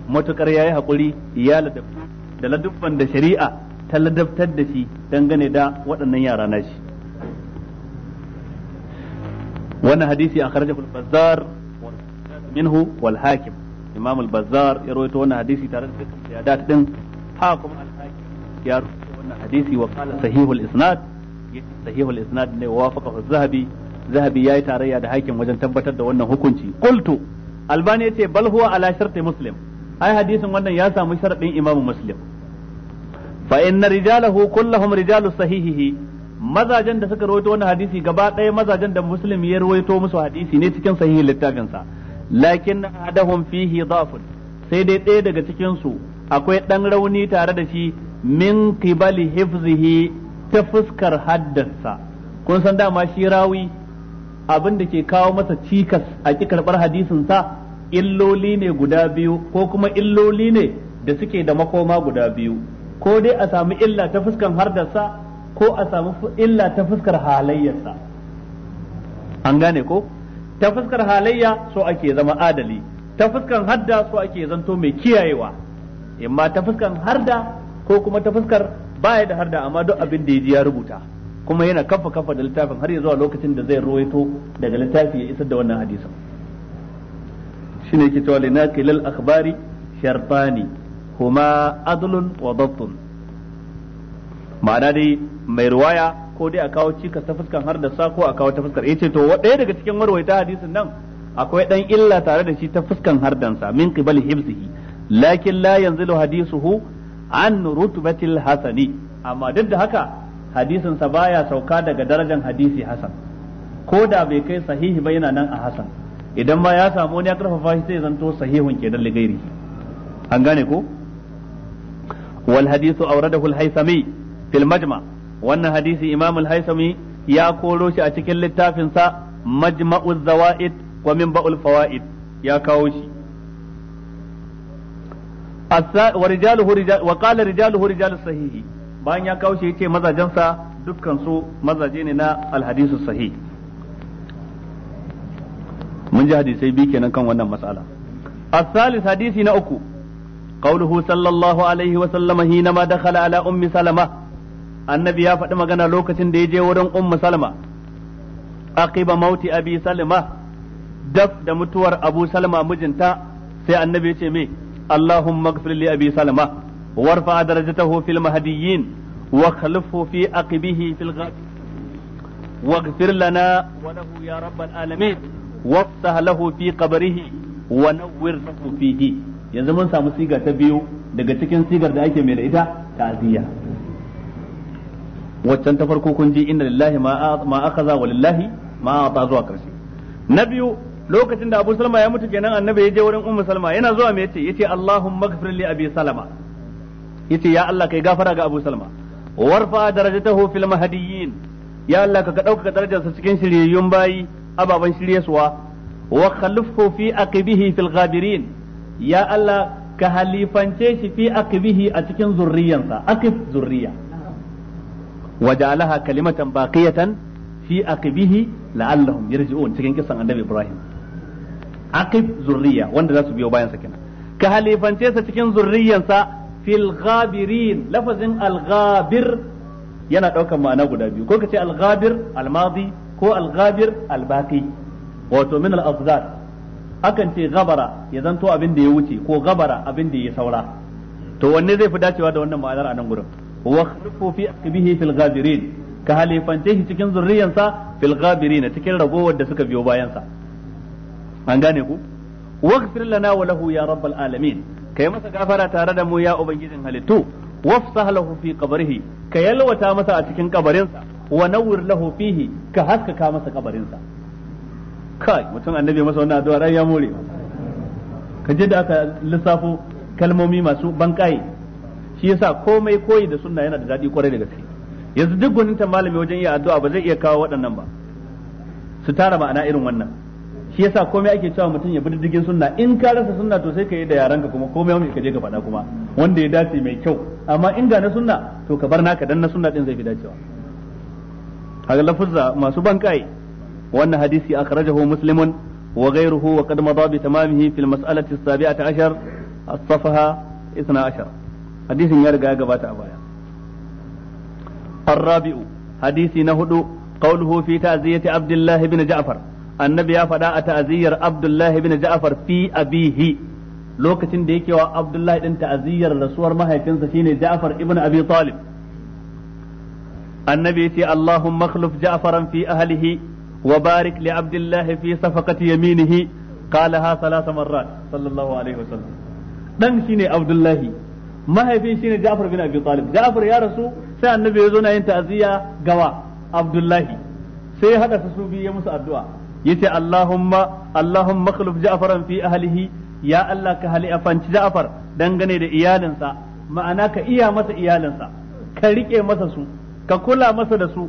matukar yi haƙuri ya ladabta da ladabban da shari'a ta ladabtar da shi dangane da waɗannan yara na shi wannan hadisi an kharaja al bazzar minhu wal hakim imam al bazzar ya rawaito wannan hadisi tare da siyadat din hakim al hakim ya rawaito wannan hadisi wa qala sahihul isnad sahihul isnad ne wafaqahu az-zahabi zahabi yayi tarayya da hakim wajen tabbatar da wannan hukunci qultu albani yace bal huwa ala sharti muslim ai hadisin wannan ya samu sharadin imam muslim fa inna rijalahu kulluhum rijalus sahihihi mazajen da suka rawaito wannan hadisi gaba ɗaya mazajen da musulmi ya rawaito musu hadisi ne cikin sahihin littafin sa lakin adahum fihi dhafun sai dai ɗaya daga cikin su akwai ɗan rauni tare da shi min qibali hifzihi ta fuskar haddansa kun san dama shi rawi abin da ke kawo masa cikas a ki karɓar hadisin sa illoli ne guda biyu ko kuma illoli ne da suke da makoma guda biyu ko dai a samu illa ta fuskan hardarsa ko a samu illa ta fuskar halayyarsa an gane ko ta fuskar halayya so ake zama adali ta fuskar hadda so ake zanto mai kiyayewa imma ta fuskar harda ko kuma ta fuskar baya da harda amma duk abin da ya ji ya rubuta kuma yana kafa kafa da littafin har zuwa lokacin da zai ruwaito daga littafi ya isar da wannan hadisin shine yake cewa linaqil kilal akhbari shartani huma adlun wa dabtun ma'ana dai mai ruwaya ko dai a kawo cikas ta fuskan har da sa ko a kawo ta fuskar yace to ɗaya daga cikin marwaita hadisin nan akwai ɗan illa tare da shi ta fuskan hardansa min qibal hibsihi lakin la yanzilu hadisuhu an rutbatil hasani amma duk da haka hadisin sa baya sauka daga darajar hadisi hasan ko da bai kai sahihi ba yana nan a hasan idan ma ya samu wani ya karfafa shi sai zanto sahihun ke kenan gairi an gane ko wal hadithu awradahu al-haythami fil majma' wannan hadisi imam al-haythami ya koro shi a cikin littafin sa majma'u zawaid wa minba'ul fawaid ya kawo shi wa qala rijaluhu rijalus sahihi bayan ya kawo shi yace mazajen sa dukkan su mazaje ne na al-hadisu sahih mun ji hadisai biyu kenan kan wannan mas'ala الثالث حديث نأكو قوله صلى الله عليه وسلم حينما دخل على أم سلمة annabi ya faɗi magana lokacin da ya je wurin ummu salma aqiba mauti abi salma daf da mutuwar abu salma mijinta sai annabi ya ce me allahumma ighfir li abi salma warfa darajatahu fil mahdiyyin wa khalifhu fi aqibihi fil ghab واغفر لنا وله يا رب العالمين وافتح له في قبره ونور له فيه yanzu mun samu siga ta biyu daga cikin sigar da ake mai da ita ta'ziya waccan ta farko kun ji inna lillahi ma akhadha wa lillahi ma ata zuwa karshe na biyu lokacin da Abu Salma ya mutu kenan annabi ya je wurin Ummu Salma yana zuwa me yace yace Allahumma ighfir li Abi Salama yace ya Allah kai gafara ga Abu Salma warfa darajatahu fil mahdiyyin ya Allah ka dauka darajarsa cikin shiryayyun bayi ababan shiryasuwa wa khalifhu fi aqibihi fil ghabirin ya Allah ka halifance shi fi aqibihi a cikin zurriyansa aqib zurriya waja'alaha kalimatan baqiyatan fi aqibihi la'allahum yarji'un cikin kisan annabi Ibrahim aqib zurriya wanda za su biyo bayan sa kenan ka halifance sa cikin zurriyansa fil ghabirin lafazin al yana ɗaukar ma'ana guda biyu ko kace al ghabir al ko al ghabir al baqi wato min al afdal akan ce gabara ya zanto abin da ya wuce ko gabara abin da ya saura to wanne zai fi dacewa da wannan ma'anar a nan gurin wa khalifu fi aqibihi fil ghabirin ka halifance cikin zurriyansa fil ghabirin cikin ragowar da suka biyo bayansa. an gane ku waghfir lana wa lahu ya rabbal alamin kai masa gafara tare da mu ya ubangijin halittu wafsah lahu fi ka yalwata masa a cikin kabarinsa wa nawwir lahu fihi ka haskaka masa kabarinsa kai mutum annabi masa wannan addu'a ya more ka je da aka lissafo kalmomi masu bankaye shi yasa komai koyi da sunna yana da daɗi kwarai da gaske yanzu duk ta malami wajen iya addu'a ba zai iya kawo waɗannan ba su tara ma'ana irin wannan shi yasa komai ake cewa mutum ya bi diddigin sunna in ka rasa sunna to sai ka yi da yaranka kuma komai wani ka je ka faɗa kuma wanda ya dace mai kyau amma in ga na sunna to ka bar naka dan na sunna din zai fi dacewa haka lafuzza masu ban kai wannan hadisi akhrajahu muslimun wa ghayruhu wa qad madha bi tamamihi fil mas'alati as-sabi'ati ashar as safha 12 hadisin ya riga ya gabata a baya arrabi'u hadisi na huɗu qawluhu fi ta'ziyati abdullahi bin ja'far annabi ya faɗa a ta'aziyyar abdullahi bin ja'far fi abihi lokacin da yake wa abdullahi din ta'ziyar rasuwar mahaifinsa shine ja'far ibn abi talib annabi yace Allahu akhlif ja'faran fi ahlihi wa barik li abdullahi fi safaqati yaminihi qalaha thalath marrat sallallahu alaihi wasallam dan shine abdullahi mahaifin shine Ja'far bin Abi Talib Ja'far ya rasu sai annabi ya zo na yin ta'aziyya gawa Abdullahi sai ya hada su su biyu ya musu addu'a yace Allahumma Allahumma khluf Ja'faran fi ahlihi ya Allah ka hali Ja'far dangane da iyalinsa ma'ana ka iya masa iyalinsa ka rike masa su ka kula masa da su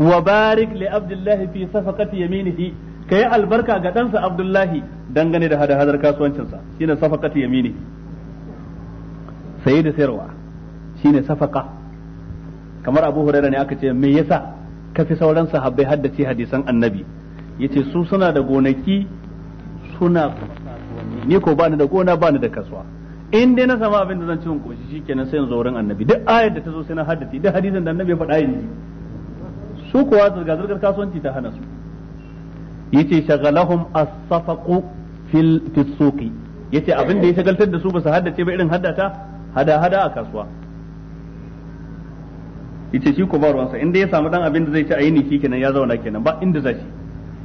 wa barik li abdullahi fi safaqati yaminihi kai albarka ga ɗansa abdullahi dangane da hada hadar kasuwancinsa shine safaqati yaminihi saye da sayarwa shine safaka kamar abu huraira ne aka ce me yasa ka fi sauran sahabbai haddace hadisan annabi yace su suna da gonaki suna ni ko bani da gona bani da kasuwa in dai na sama abin da zan ci in koshi shikenan sai in zo wurin annabi duk ayar da ta zo sai na haddace duk hadisin da annabi ya faɗa yin su kuwa zirga zirgar kasuwanci ta hana su yace shagalahum as-safaqu fil fis-suqi yace abin da ya shagaltar da su ba su haddace ba irin haddata hada hada a kasuwa yace shi ko ba ruwansa inda ya samu dan abin da zai ci a yini shi kenan ya zauna kenan ba inda za shi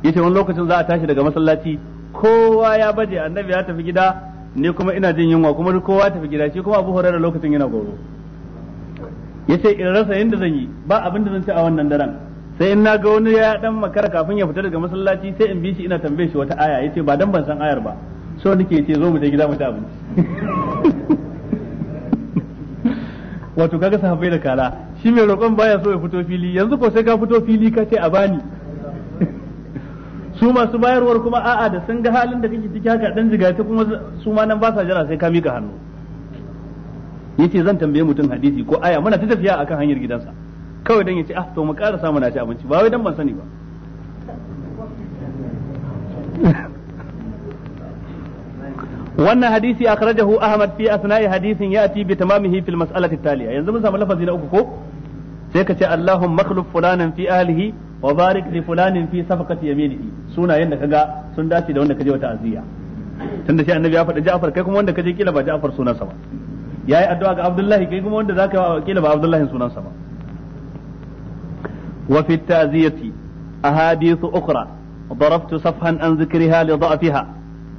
yace wani lokacin za a tashi daga masallaci kowa ya baje annabi ya tafi gida ne kuma ina jin yunwa kuma kowa ya tafi gida shi kuma Abu da lokacin yana goro yace in rasa inda zan yi ba abin da zan ci a wannan daren sai in na ga wani ya dan makara kafin ya fita daga masallaci sai in bi shi ina tambaye shi wata aya yace ba dan ban san ayar ba so nake yace zo mu je gida mu ci abinci wato kaga sahabbai da Kala shi mai roƙon baya so ya fito fili yanzu ko sai ka fito fili ka ce a bani su masu bayarwar kuma a'a da sun ga halin da kake ciki haka dan jiga ta kuma su ma nan ba sa jira sai ka mika hannu yace zan tambaye mutum hadisi ko aya muna ta tafiya akan hanyar gidansa kawai dan yace ah to mu ƙara samu na ci abinci ba wai dan ban sani ba wannan hadisi akhrajahu ahmad fi asna'i hadisin yati bi tamamihi fil mas'alati taliya yanzu mun samu lafazi na uku ko sai ka ce allahumma makhluf fulanan fi ahlihi wa barik li fulanin fi safaqati yaminihi sunayen da kaga sun dace da wanda kaje wa ta'ziya tunda shi annabi ya faɗa Ja'far kai kuma wanda kaje kila ba Ja'far sunansa ba yayi addu'a ga Abdullahi kai kuma wanda zaka wa kila ba Abdullahi sunansa ba wa fi ta'ziyati ahadith ukhra ضربت صفحا عن ذكرها لضعفها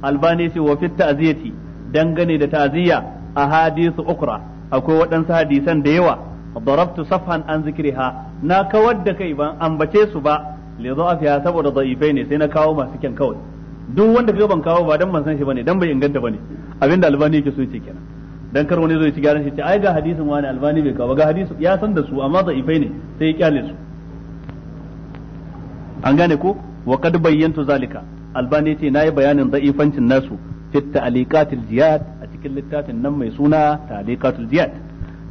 albani ce wa fit ta'ziyati dangane da ta'ziya hadisi ukra akwai waɗansu hadisan da yawa darabtu safhan an zikriha na kawar da kai ban ambace su ba li dha'afiha saboda dha'ifai ne sai na kawo masu kyan kawai duk wanda kaga ban kawo ba dan ban san shi bane dan bai inganta bane abinda albani yake so yace kenan dan kar wani zo ya ci gyaran shi ce ai ga hadisin wani albani bai kawo ga hadisi ya san da su amma dha'ifai ne sai ya kyale su an gane ko wa kad bayyantu zalika albani ce na yi bayanin da'ifancin nasu fi ta'liqatil jihad a cikin littafin nan mai suna ta'liqatul jihad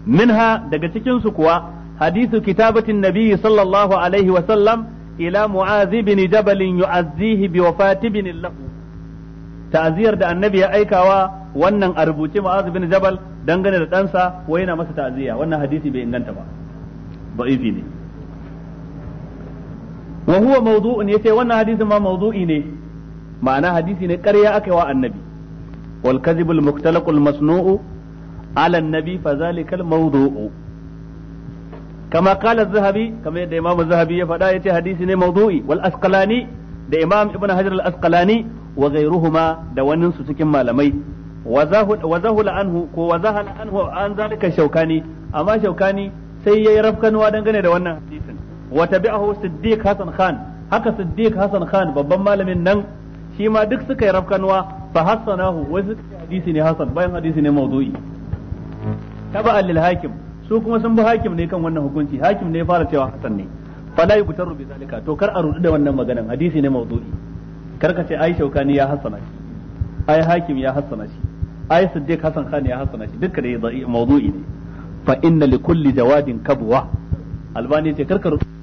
minha daga cikin su kuwa hadithu kitabatin nabiyyi sallallahu alaihi wa sallam ila mu'az ibn jabal yu'azzihi bi wafati ibn lahu ta'ziyar da annabi ya aikawa wannan a rubuce mu'az ibn jabal dangane da ɗansa ko yana masa ta'ziya wannan hadisi bai inganta ba da'ifi ne wa huwa mawdu'un yace wannan hadisin ma mawdu'i ne ma'ana hadisi ne ƙarya aka yi wa annabi wal kadhibul muktalaqul masnu'u ala annabi fa zalikal mawdu'u kama qala az-zahabi kama yadda imamu zahabi ya faɗa yace hadisi ne mawdu'i wal asqalani da imam ibnu hajar al asqalani wa ghayruhuma da wannan su cikin malamai wazahu zahula anhu ko wa zahala anhu an zalika shaukani amma shaukani sai yayi rafkanuwa dangane da wannan hadisin wa tabi'ahu siddiq hasan khan haka siddiq hasan khan babban malamin nan shi ma duk suka yi rafkanuwa fa hassanahu wai suka ce hadisi ne hasan bayan hadisi ne mawdu'i taba lil hakim su kuma sun bi hakim ne kan wannan hukunci hakim ne ya fara cewa hasan ne fala yubtaru bi zalika to kar a rudu da wannan maganan hadisi ne mawdu'i kar ka ce ai shaukani ya hassana shi ai hakim ya hassana shi ai siddiq hasan khan ya hassana shi duka da mawdu'i ne fa inna likulli jawadin kabwa albani ce kar ka rudu